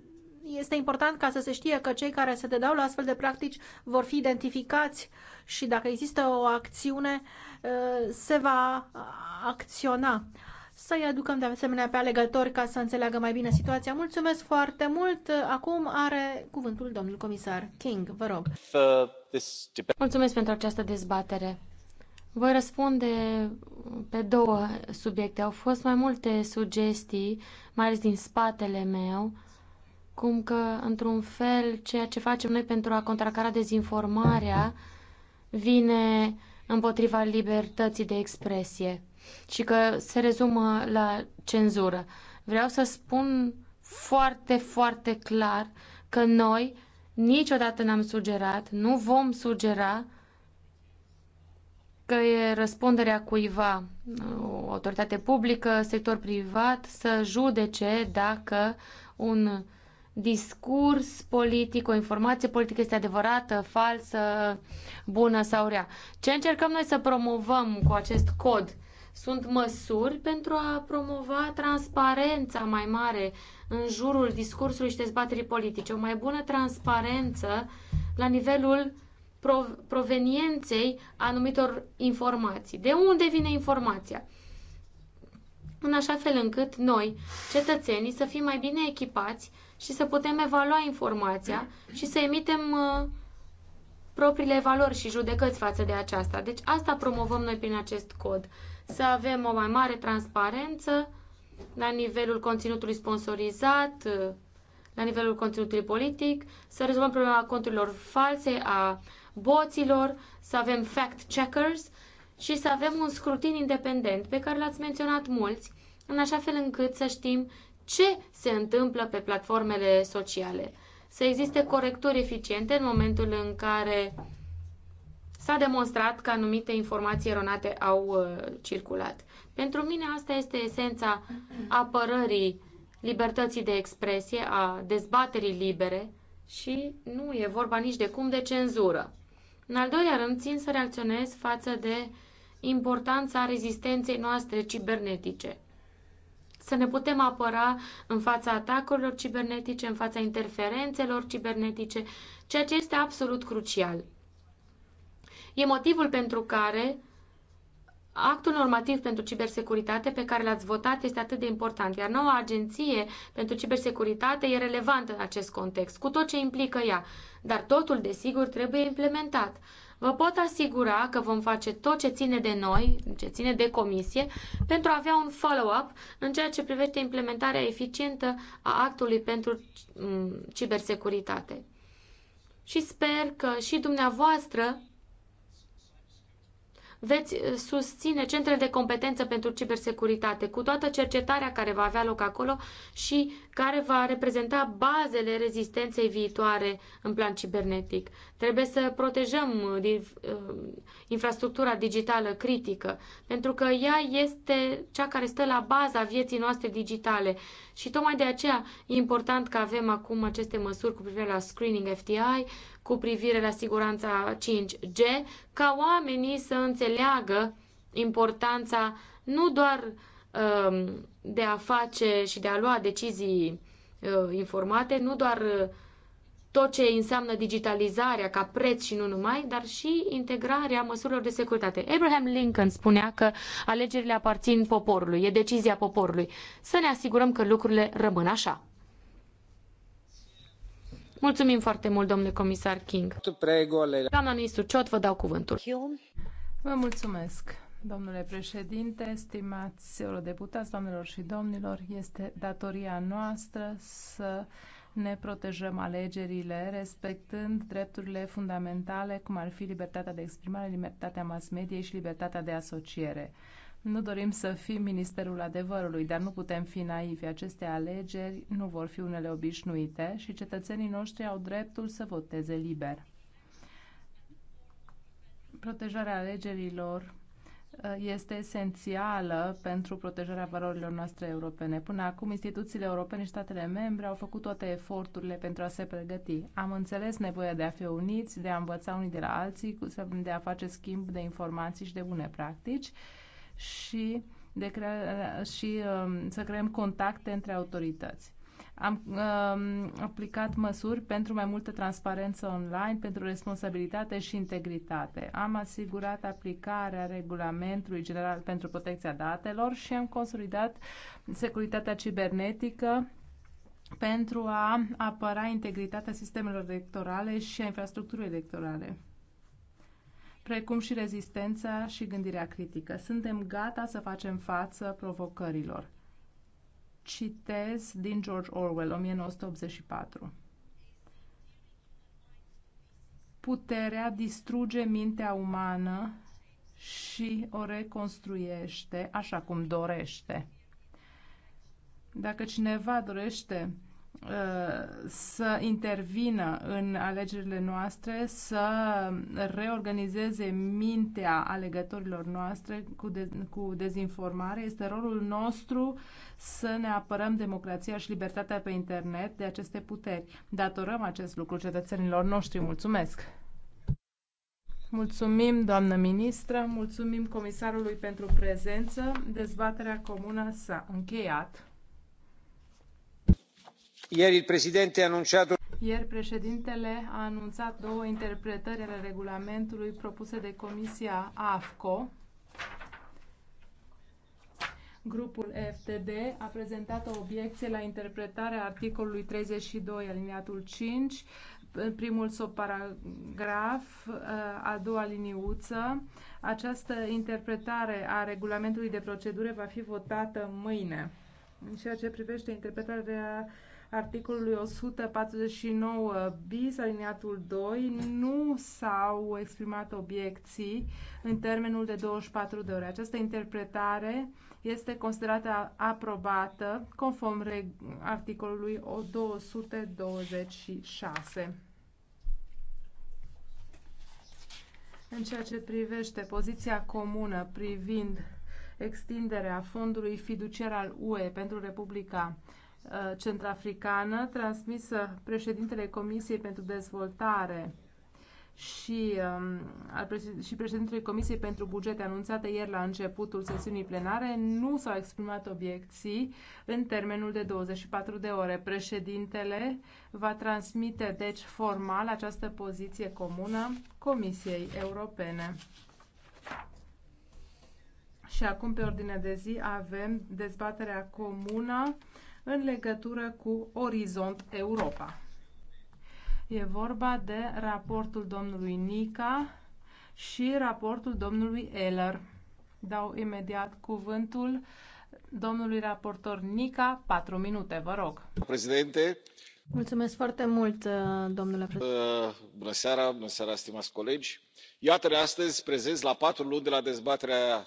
Speaker 2: este important ca să se știe că cei care se dedau la astfel de practici vor fi identificați și dacă există o acțiune, uh, se va acționa. Să-i aducăm de asemenea pe alegători ca să înțeleagă mai bine situația. Mulțumesc foarte mult!
Speaker 3: Acum are cuvântul domnul comisar King, vă rog. Mulțumesc pentru această dezbatere. Voi răspunde pe două subiecte. Au fost mai multe sugestii, mai ales din spatele meu, cum că, într-un fel, ceea ce facem noi pentru a contracara dezinformarea vine împotriva libertății de expresie și că se rezumă la cenzură. Vreau să spun foarte, foarte clar că noi niciodată n-am sugerat, nu vom sugera că e răspunderea cuiva, o autoritate publică, sector privat, să judece dacă un discurs politic, o informație politică este adevărată, falsă, bună sau rea. Ce încercăm noi să promovăm cu acest cod? Sunt măsuri pentru a promova transparența mai mare în jurul discursului și dezbaterii politice, o mai bună transparență la nivelul provenienței anumitor informații. De unde vine informația? În așa fel încât noi, cetățenii, să fim mai bine echipați și să putem evalua informația și să emitem uh, propriile valori și judecăți față de aceasta. Deci asta promovăm noi prin acest cod. Să avem o mai mare transparență la nivelul conținutului sponsorizat, uh, la nivelul conținutului politic, să rezolvăm problema conturilor false, a boților, să avem fact-checkers și să avem un scrutin independent pe care l-ați menționat mulți, în așa fel încât să știm ce se întâmplă pe platformele sociale. Să existe corecturi eficiente în momentul în care s-a demonstrat că anumite informații eronate au uh, circulat. Pentru mine asta este esența apărării libertății de expresie, a dezbaterii libere și nu e vorba nici de cum de cenzură. În al doilea rând, țin să reacționez față de importanța rezistenței noastre cibernetice să ne putem apăra în fața atacurilor cibernetice, în fața interferențelor cibernetice, ceea ce este absolut crucial. E motivul pentru care Actul normativ pentru cibersecuritate pe care l-ați votat este atât de important, iar noua agenție pentru cibersecuritate e relevantă în acest context, cu tot ce implică ea, dar totul, desigur, trebuie implementat. Vă pot asigura că vom face tot ce ține de noi, ce ține de comisie, pentru a avea un follow-up în ceea ce privește implementarea eficientă a actului pentru mm, cibersecuritate. Și sper că și dumneavoastră veți eh, susține centrele de competență pentru cibersecuritate, cu toată cercetarea care va avea loc acolo și care va reprezenta bazele rezistenței viitoare în plan cibernetic. Trebuie să protejăm uh, uh, infrastructura digitală critică, pentru că ea este cea care stă la baza vieții noastre digitale și tocmai de aceea e important că avem acum aceste măsuri cu privire la screening FTI, cu privire la siguranța 5G, ca oamenii să înțeleagă importanța nu doar uh, Um, de a face și de a lua decizii uh, informate, nu doar uh, tot ce înseamnă digitalizarea ca preț și nu numai, dar și integrarea măsurilor de securitate. Abraham Lincoln spunea că alegerile aparțin poporului, e decizia poporului. Să ne asigurăm că lucrurile rămân așa. Mulțumim foarte mult, domnule comisar King. Doamna ministru Ciot, vă dau cuvântul.
Speaker 1: Vă mulțumesc. Domnule președinte, stimați eurodeputați, doamnelor și domnilor, este datoria noastră să ne protejăm alegerile, respectând drepturile fundamentale, cum ar fi libertatea de exprimare, libertatea mass media și libertatea de asociere. Nu dorim să fim Ministerul Adevărului, dar nu putem fi naivi. Aceste alegeri nu vor fi unele obișnuite și cetățenii noștri au dreptul să voteze liber. Protejarea alegerilor este esențială pentru protejarea valorilor noastre europene. Până acum, instituțiile europene și statele membre au făcut toate eforturile pentru a se pregăti. Am înțeles nevoia de a fi uniți, de a învăța unii de la alții, de a face schimb de informații și de bune practici și, de crea- și um, să creăm contacte între autorități. Am um, aplicat măsuri pentru mai multă transparență online, pentru responsabilitate și integritate. Am asigurat aplicarea regulamentului general pentru protecția datelor și am consolidat securitatea cibernetică pentru a apăra integritatea sistemelor electorale și a infrastructurii electorale precum și rezistența și gândirea critică. Suntem gata să facem față provocărilor citez din George Orwell, 1984. Puterea distruge mintea umană și o reconstruiește așa cum dorește. Dacă cineva dorește Uh, să intervină în alegerile noastre, să reorganizeze mintea alegătorilor noastre cu, de, cu dezinformare. Este rolul nostru să ne apărăm democrația și libertatea pe internet de aceste puteri. Datorăm acest lucru cetățenilor noștri. Mulțumesc! Mulțumim, doamnă ministră, mulțumim comisarului pentru prezență. Dezbaterea comună s-a încheiat. Ieri președintele a anunțat două interpretări ale regulamentului propuse de Comisia AFCO. Grupul FTD a prezentat o obiecție la interpretarea articolului 32 aliniatul 5, primul subparagraf, uh, a doua liniuță. Această interpretare a regulamentului de procedură va fi votată mâine. În ceea ce privește interpretarea articolului 149 bis, aliniatul 2, nu s-au exprimat obiecții în termenul de 24 de ore. Această interpretare este considerată aprobată conform articolului 226. În ceea ce privește poziția comună privind extinderea fondului fiduciar al UE pentru Republica Uh, centrafricană transmisă președintele Comisiei pentru Dezvoltare și, um, și președintele Comisiei pentru Bugete anunțată ieri la începutul sesiunii plenare, nu s-au exprimat obiecții în termenul de 24 de ore. Președintele va transmite, deci, formal această poziție comună Comisiei Europene. Și acum, pe ordine de zi, avem dezbaterea comună în legătură cu Orizont Europa. E vorba de raportul domnului Nica și raportul domnului Eller. Dau imediat cuvântul domnului raportor Nica, 4 minute, vă rog.
Speaker 4: Președinte,
Speaker 1: Mulțumesc foarte
Speaker 2: mult, uh, domnule uh,
Speaker 4: președinte. Bună seara, bună seara, stimați colegi. iată astăzi prezenți la patru luni de la dezbaterea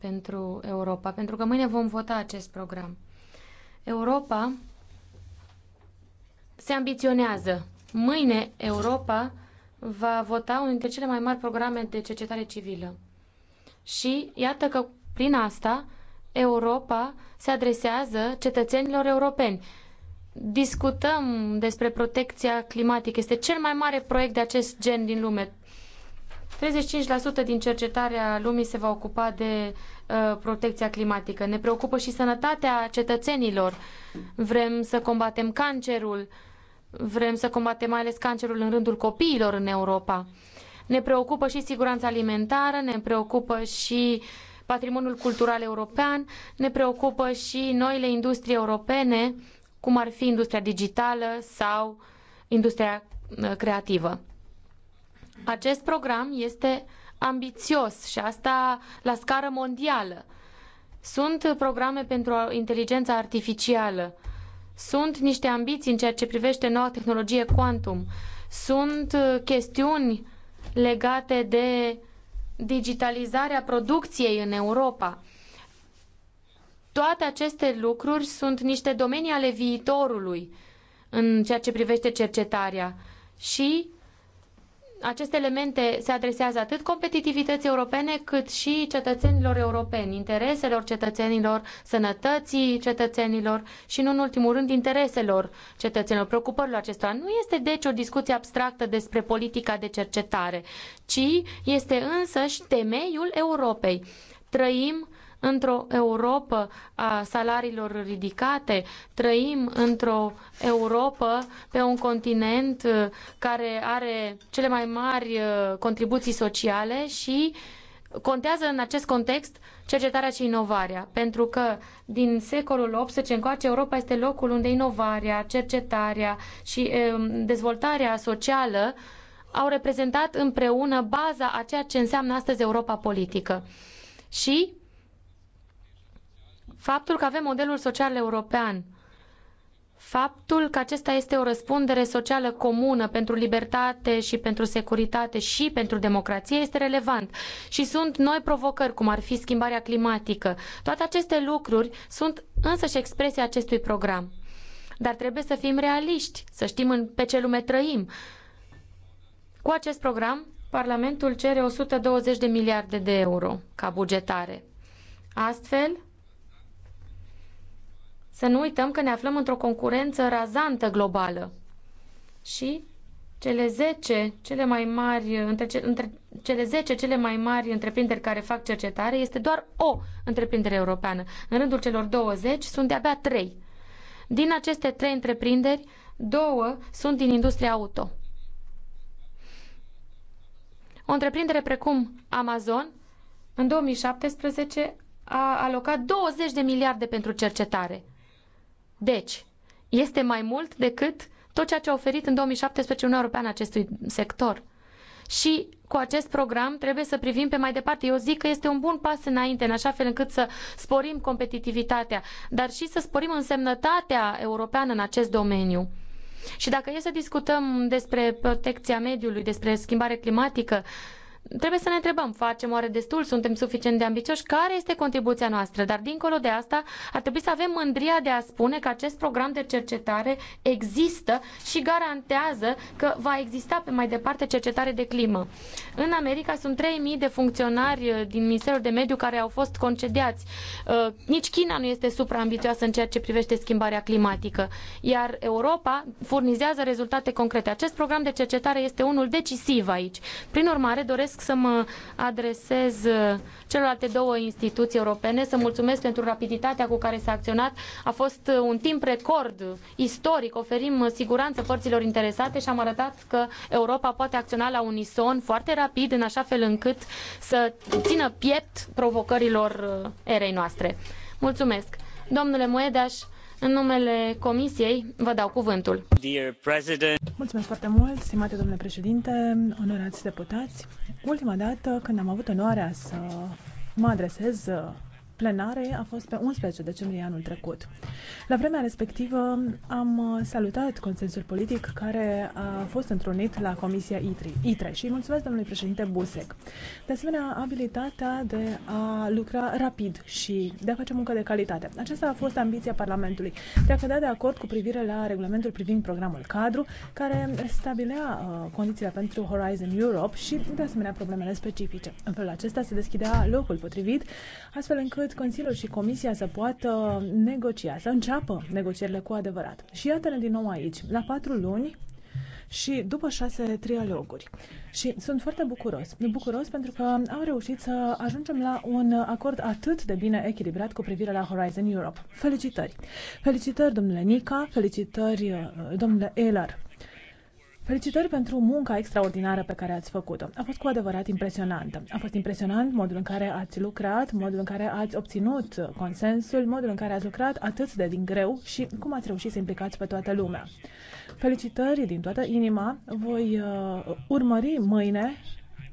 Speaker 3: pentru Europa, pentru că mâine vom vota acest program. Europa se ambiționează. Mâine Europa va vota unul dintre cele mai mari programe de cercetare civilă. Și iată că prin asta Europa se adresează cetățenilor europeni. Discutăm despre protecția climatică. Este cel mai mare proiect de acest gen din lume. 35% din cercetarea lumii se va ocupa de uh, protecția climatică. Ne preocupă și sănătatea cetățenilor. Vrem să combatem cancerul, vrem să combatem mai ales cancerul în rândul copiilor în Europa. Ne preocupă și siguranța alimentară, ne preocupă și patrimoniul cultural european, ne preocupă și noile industrii europene, cum ar fi industria digitală sau industria uh, creativă. Acest program este ambițios și asta la scară mondială. Sunt programe pentru inteligența artificială. Sunt niște ambiții în ceea ce privește noua tehnologie quantum. Sunt chestiuni legate de digitalizarea producției în Europa. Toate aceste lucruri sunt niște domenii ale viitorului în ceea ce privește cercetarea și aceste elemente se adresează atât competitivității europene cât și cetățenilor europeni, intereselor cetățenilor, sănătății cetățenilor și, nu în ultimul rând, intereselor cetățenilor, preocupărilor acestora. Nu este deci o discuție abstractă despre politica de cercetare, ci este însăși temeiul Europei. Trăim într-o Europa a salariilor ridicate, trăim într-o Europa pe un continent uh, care are cele mai mari uh, contribuții sociale și contează în acest context cercetarea și inovarea, pentru că din secolul XVIII încoace Europa este locul unde inovarea, cercetarea și um, dezvoltarea socială au reprezentat împreună baza a ceea ce înseamnă astăzi Europa politică. Și Faptul că avem modelul social european, faptul că acesta este o răspundere socială comună pentru libertate și pentru securitate și pentru democrație este relevant. Și sunt noi provocări, cum ar fi schimbarea climatică. Toate aceste lucruri sunt însăși expresia acestui program. Dar trebuie să fim realiști, să știm în pe ce lume trăim. Cu acest program, Parlamentul cere 120 de miliarde de euro ca bugetare. Astfel, să nu uităm că ne aflăm într-o concurență razantă globală. Și cele 10 cele mai mari, între, ce, între cele 10 cele mai mari întreprinderi care fac cercetare este doar o întreprindere europeană. În rândul celor 20 sunt de-abia 3. Din aceste 3 întreprinderi, două sunt din industria auto. O întreprindere precum Amazon, în 2017, a alocat 20 de miliarde pentru cercetare. Deci, este mai mult decât tot ceea ce a oferit în 2017 Uniunea Europeană acestui sector. Și cu acest program trebuie să privim pe mai departe. Eu zic că este un bun pas înainte, în așa fel încât să sporim competitivitatea, dar și să sporim însemnătatea europeană în acest domeniu. Și dacă e să discutăm despre protecția mediului, despre schimbare climatică, uh, trebuie să ne întrebăm, facem oare destul, suntem suficient de ambicioși, care este contribuția noastră? Dar dincolo de asta, ar trebui să avem mândria de a spune că acest program de cercetare există și garantează că va exista pe mai departe cercetare de climă. În America sunt 3.000 de funcționari uh, din Ministerul de Mediu care au fost concediați. Uh, nici China nu este supraambițioasă în ceea ce privește schimbarea climatică, iar Europa furnizează rezultate concrete. Acest program de cercetare este unul decisiv aici. Prin urmare, doresc doresc să mă adresez uh, celorlalte două instituții europene, să mulțumesc pentru rapiditatea cu care s-a acționat. A fost uh, un timp record uh, istoric. Oferim siguranță părților interesate și am arătat că Europa poate acționa la unison foarte rapid, în așa fel încât să țină piept provocărilor erei noastre. Mulțumesc. Domnule Moedas. În numele Comisiei, vă dau cuvântul. Mulțumesc foarte mult, stimate domnule președinte, onorați deputați. Ultima dată
Speaker 5: când am avut onoarea să mă adresez Plenare a fost pe 11 decembrie anul trecut. La vremea respectivă am uh, salutat consensul politic care a fost întrunit la Comisia ITRI, ITRE și mulțumesc domnului președinte Busec. De asemenea, abilitatea de a lucra rapid și de a face muncă de calitate. Aceasta a fost ambiția Parlamentului de a cădea de acord cu privire la regulamentul privind programul cadru care stabilea uh, condițiile pentru Horizon Europe și de asemenea problemele specifice. În felul acesta se deschidea locul potrivit astfel încât încât Consiliul și Comisia să poată negocia, să înceapă negocierile cu adevărat. Și iată-ne din nou aici, la patru luni și după șase trialoguri. Și sunt foarte bucuros. Bucuros pentru că am reușit să ajungem la un acord atât de bine echilibrat cu privire la Horizon Europe. Felicitări! Felicitări, domnule Nica, felicitări, domnule Elar. Felicitări pentru munca extraordinară pe care ați făcut-o. A fost cu adevărat impresionantă. A fost impresionant modul în care ați lucrat, modul în care ați obținut consensul, modul în care ați lucrat atât de din greu și cum ați reușit să implicați pe toată lumea. Felicitări din toată inima. Voi uh, urmări mâine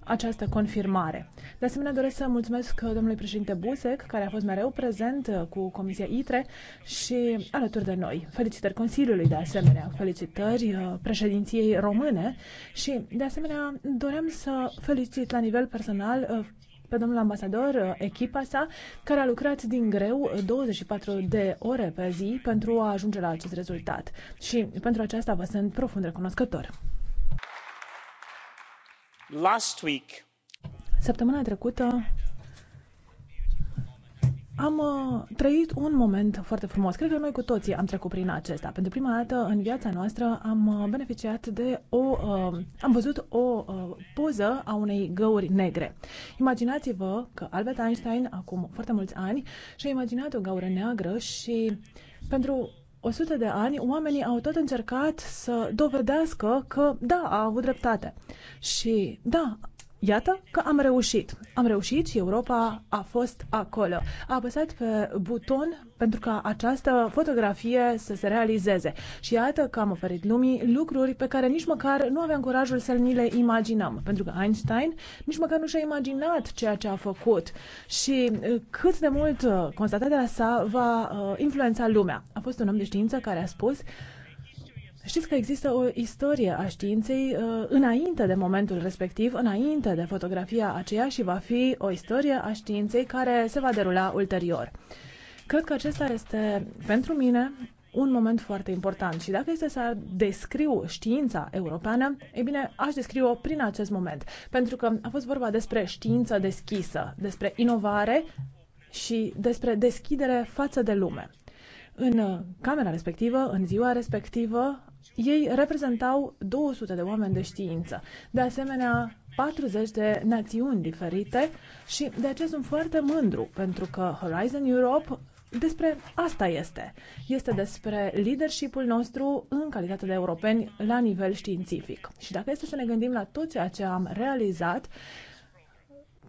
Speaker 5: această confirmare. De asemenea, doresc să mulțumesc domnului președinte Busec, care a fost mereu prezent uh, cu Comisia ITRE și alături de noi. Felicitări Consiliului, de asemenea, felicitări uh, președinției române și, de asemenea, doream să felicit la nivel personal uh, pe domnul ambasador, echipa sa, care a lucrat din greu 24 de ore pe zi pentru a ajunge la acest rezultat. Și pentru aceasta vă sunt profund recunoscător. Săptămâna trecută am uh, trăit un moment foarte frumos. Cred că noi cu toții am trecut prin acesta. Pentru prima dată în viața noastră am uh, beneficiat de o. Uh, am văzut o uh, poză a unei găuri negre. Imaginați-vă că Albert Einstein, acum foarte mulți ani, și-a imaginat o gaură neagră și pentru 100 de ani, oamenii au tot încercat să dovedească că, da, a avut dreptate. Și, da, Iată că am reușit. Am reușit și Europa a fost acolo. A apăsat pe buton pentru ca această fotografie să se realizeze. Și iată că am oferit lumii lucruri pe care nici măcar nu aveam curajul să ni le imaginăm. Pentru că Einstein nici măcar nu și-a imaginat ceea ce a făcut și cât de mult constatarea sa va influența lumea. A fost un om de știință care a spus Știți că există o istorie a științei uh, înainte de momentul respectiv, înainte de fotografia aceea și va fi o istorie a științei care se va derula ulterior. Cred că acesta este, pentru mine, un moment foarte important și dacă este să descriu știința europeană, e bine, aș descriu-o prin acest moment, pentru că a fost vorba despre știință deschisă, despre inovare și despre deschidere față de lume. În camera respectivă, în ziua respectivă, ei reprezentau 200 de oameni de știință, de asemenea 40 de națiuni diferite și de aceea sunt foarte mândru pentru că Horizon Europe despre asta este. Este despre leadershipul nostru în calitate de europeni la nivel științific. Și dacă este să ne gândim la tot ceea ce am realizat,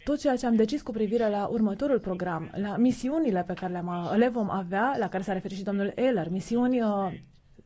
Speaker 5: tot ceea ce am decis cu privire la următorul program, la misiunile pe care le, vom avea, la care s-a referit și domnul Eller, misiuni uh,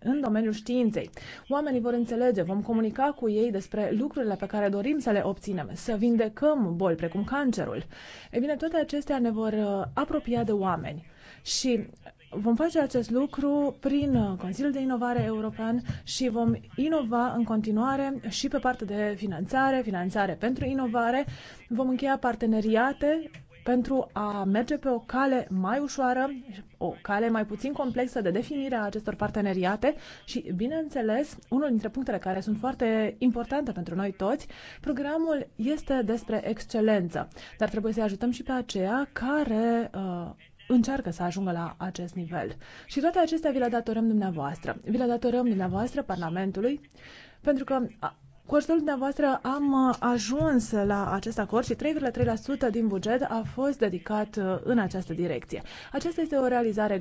Speaker 5: în domeniul științei. Oamenii vor înțelege, vom comunica cu ei despre lucrurile pe care dorim să le obținem, să vindecăm boli precum cancerul. E bine, toate acestea ne vor uh, apropia de oameni. Și vom face acest lucru prin uh, Consiliul de Inovare European și vom inova în continuare și pe partea de finanțare, finanțare pentru inovare. Vom încheia parteneriate pentru a merge pe o cale mai ușoară, o cale mai puțin complexă de definire a acestor parteneriate și, bineînțeles, unul dintre punctele care sunt foarte importante pentru noi toți, programul este despre excelență, dar trebuie să-i ajutăm și pe aceea care uh, încearcă să ajungă la acest nivel. Și toate acestea vi le datorăm dumneavoastră. Vi le datorăm dumneavoastră Parlamentului, pentru că cu ajutorul dumneavoastră am uh, ajuns la acest acord și 3,3% din buget a fost dedicat uh, în această direcție. Aceasta este o realizare